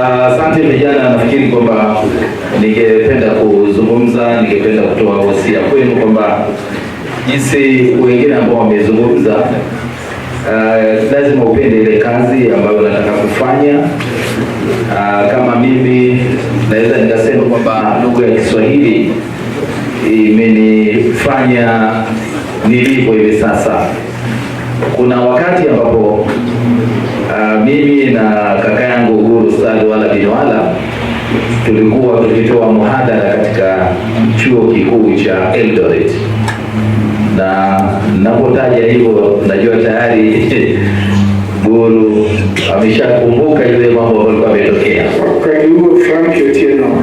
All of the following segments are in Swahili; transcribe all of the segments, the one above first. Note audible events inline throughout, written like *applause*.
Asante vijana, nafikiri kwamba ningependa kuzungumza, ningependa kutoa wasia kwenu kwamba jinsi wengine ambao wamezungumza, uh, lazima upende ile kazi ambayo unataka kufanya. Uh, kama mimi naweza nikasema kwamba lugha ya Kiswahili imenifanya nilipo hivi sasa. Kuna wakati ambapo uh, mimi na kaka tulikuwa tukitoa muhadara katika chuo kikuu cha Eldoret, na napotaja hivyo najua tayari *laughs* Guru ameshakumbuka yule mambo ambayo alikuwa ametokea.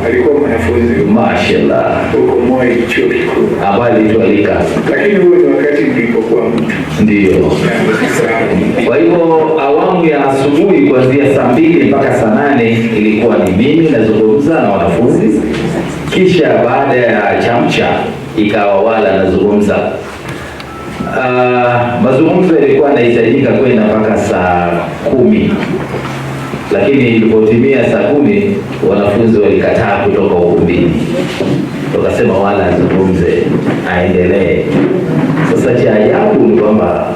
Alikuwa mwanafunzi mashallah huko Moi chuo kikuu, ambaye alitualika, lakini huo ni wakati nilipokuwa mtu, ndio kwa hivyo awamu ya asubuhi kuanzia saa mbili mpaka saa nane ilikuwa ni mimi nazungumza na wanafunzi, kisha baada ya chamcha ikawa wala nazungumza. Uh, mazungumzo yalikuwa yanahitajika kwenda mpaka saa kumi lakini ilipotimia saa kumi wanafunzi walikataa kutoka ukumbini, wakasema wala azungumze, aendelee. Sasa cha ajabu ni kwamba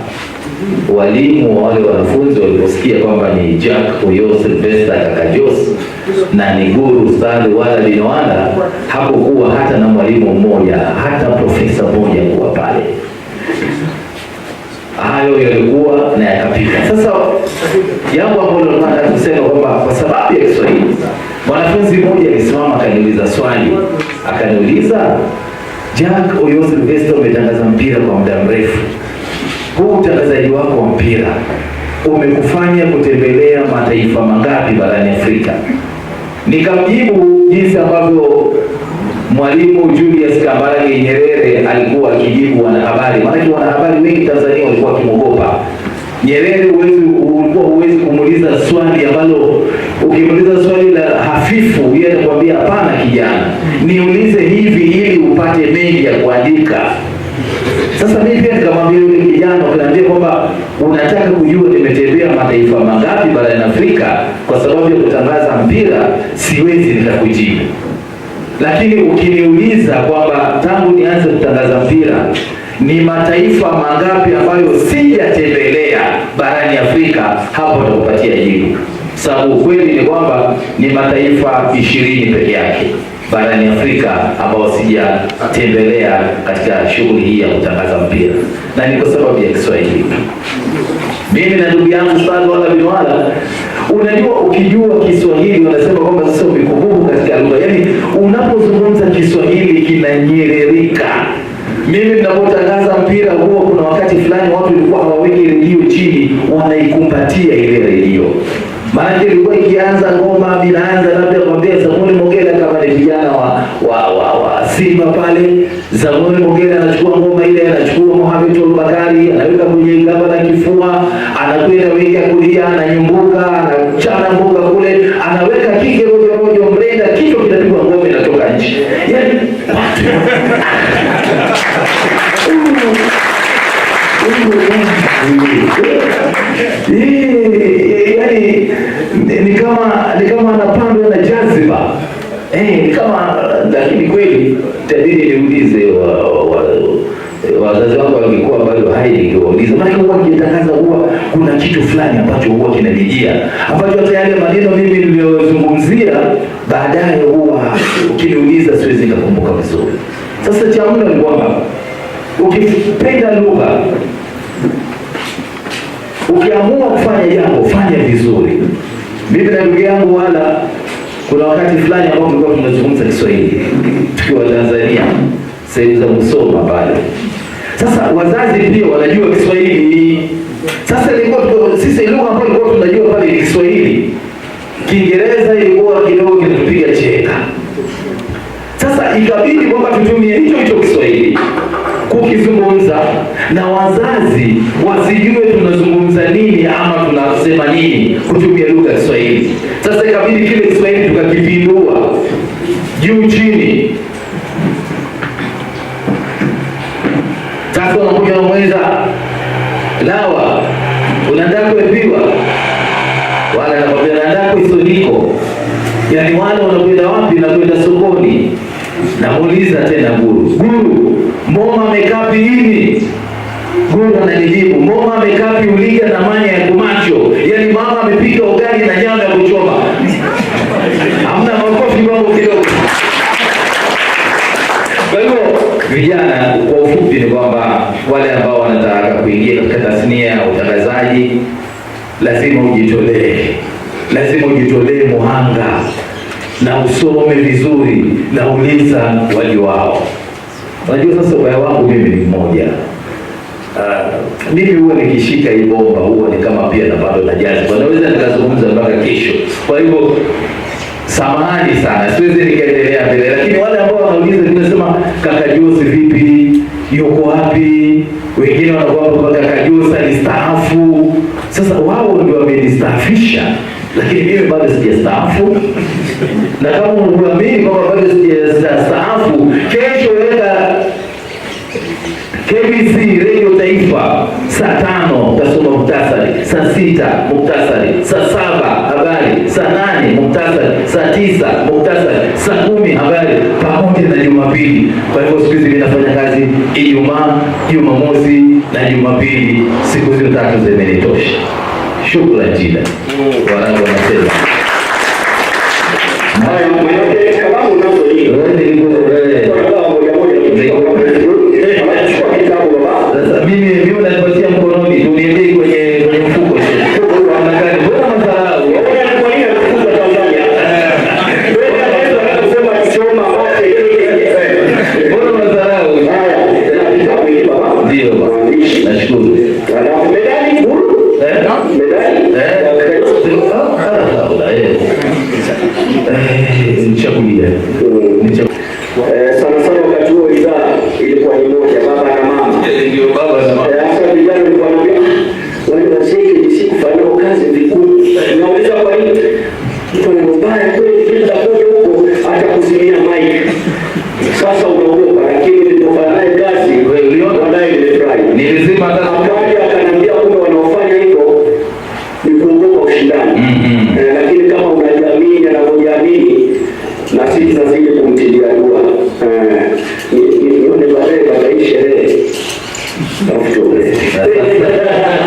walimu wa wale wanafunzi walio nimesikia kwamba ni Jack Oyo Sylvester kakajos na ni guru Sali wala binawala, hapokuwa hata na mwalimu mmoja hata profesa mmoja kuwa pale. Hayo yalikuwa na yakapita. Sasa jambo ambalo nataka kusema kwamba kwa sababu ya Kiswahili, mwanafunzi mmoja alisimama akaniuliza swali, akaniuliza Jack Oyo Sylvester, umetangaza mpira kwa muda mrefu, huu utangazaji wako wa mpira umekufanya kutembelea mataifa mangapi barani Afrika? Nikamjibu jinsi ambavyo Mwalimu Julius Kambarage Nyerere alikuwa akijibu wanahabari, maanake wanahabari wengi Tanzania walikuwa wakimwogopa Nyerere. Ulikuwa huwezi kumuuliza swali ambalo ukimuuliza swali la hafifu, yeye atakwambia hapana, kijana, niulize hivi ili upate mengi ya kuandika. Sasa mimi pia nikamwambia yule kijana, ukaniambia kwamba unataka kujua nimetembea mataifa mangapi barani Afrika, kwa sababu ya kutangaza mpira siwezi nikakujibu, lakini ukiniuliza kwamba tangu nianze kutangaza mpira ni mataifa mangapi ambayo sijatembelea barani Afrika, hapo nitakupatia jibu, sababu ukweli ni kwamba ni mataifa ishirini peke yake barani Afrika ambao sijatembelea katika shughuli hii ya kutangaza mpira, na ni kwa sababu ya Kiswahili. Mimi na ndugu yangu Bin Wala, unajua ukijua Kiswahili unasema kwamba sasa umekububu katika lugha, yaani unapozungumza Kiswahili kinanyererika. Mimi ninapotangaza mpira huo, kuna wakati fulani watu walikuwa hawaweki redio chini, wanaikumbatia ile redio maana ilikuwa ikianza ngoma binaanza labda kwambia Samuel Mogela kama ni vijana wa wa, wa wa Simba pale, Samuel Mogela anachukua ngoma ile, anachukua Mohamed Tol anaweka kwenye gamba la kifua, anakwenda weka kulia, ananyumbuka, anachana mboga kule, anaweka kike moja moja mrenda, kichwa kinapigwa ngoma inatoka nje. yani watu *laughs* Yaani ni kama ni kama anapandwa na jaziba. Eh, ni kama lakini kweli tabiri niulize wazazi wangu walikuwa bado hai, ningewauliza maana huwa kitangaza huwa kuna kitu fulani ambacho huwa kinanijia ambacho hata yale maneno mimi niliyozungumzia baadaye huwa ukiniuliza siwezi nikakumbuka vizuri. Sasa cha mno ni kwamba ukipenda lugha Ukiamua kufanya jambo fanya vizuri. Mimi na ndugu yangu, wala kuna wakati fulani ambao tulikuwa tunazungumza Kiswahili tukiwa Tanzania sehemu za Musoma pale. Sasa wazazi pia wanajua Kiswahili. Sasa ilikuwa sisi lugha ambayo tulikuwa tunajua pale Kiswahili, Kiingereza ilikuwa kidogo kinatupiga cheka. Sasa ikabidi kwamba tutumie hicho hicho Kiswahili kukizungumza na wazazi wasijue tunazungumza nini ama tunasema nini kutumia lugha ya Kiswahili. Sasa ikabidi kile Kiswahili tukakipindua juu chini. Sasa unakuja namweza lawa, unataka kuepiwa wala nakwambia naandaa kuisoniko, yaani wale wanakwenda wapi? Nakwenda sokoni Namuuliza tena guru, guru, mboma mekapi hivi? Guru ananijibu mboma mekapi uliga na manya ya kumacho, yaani mama amepika ugali na nyama ya kuchoma. *laughs* Hamna makofi kwako kidogo. Kwa hivyo vijana, kwa ufupi ni kwamba wale ambao wanataka kuingia katika tasnia ya utangazaji lazima ujitolee, lazima ujitolee muhanga na usome vizuri na uliza wali wao. Unajua sasa ubaya wangu mimi ni mmoja. Uh, mimi huwa nikishika hii bomba huwa ni kama pia na bado na najaza, naweza nikazungumza mpaka kesho. Kwa hivyo samahani sana, siwezi nikaendelea mbele, lakini wale ambao wanauliza tunasema kaka Jose vipi, yuko wapi? Wengine wanakuwa hapa kaka Jose alistaafu. Sasa wao ndio wamenistaafisha, lakini mimi bado sijastaafu na kama unaamini kwamba bado sijastaafu, kesho weka KBC Radio Taifa saa tano utasoma muktasari, saa sita muktasari, saa saba habari, saa nane muktasari, saa tisa muktasari, saa kumi habari, pamoja na Jumapili. Kwa hivyo siku hizi vinafanya kazi Ijumaa, Jumamosi na Jumapili, siku hizo tatu zimenitosha. Shukrani jina wanangu wanasema Eh, sana sana, wakati huo bidhaa ilikuwa ni moja, baba na mama. Ndio baba na mama. Eh, ni kazi vigumu. Nauliza kwa nini mtu ana mbaya kweli, huko mike. Sasa unaogopa lakini Sikiliza vile kumtilia dua nione baadaye katika sherehe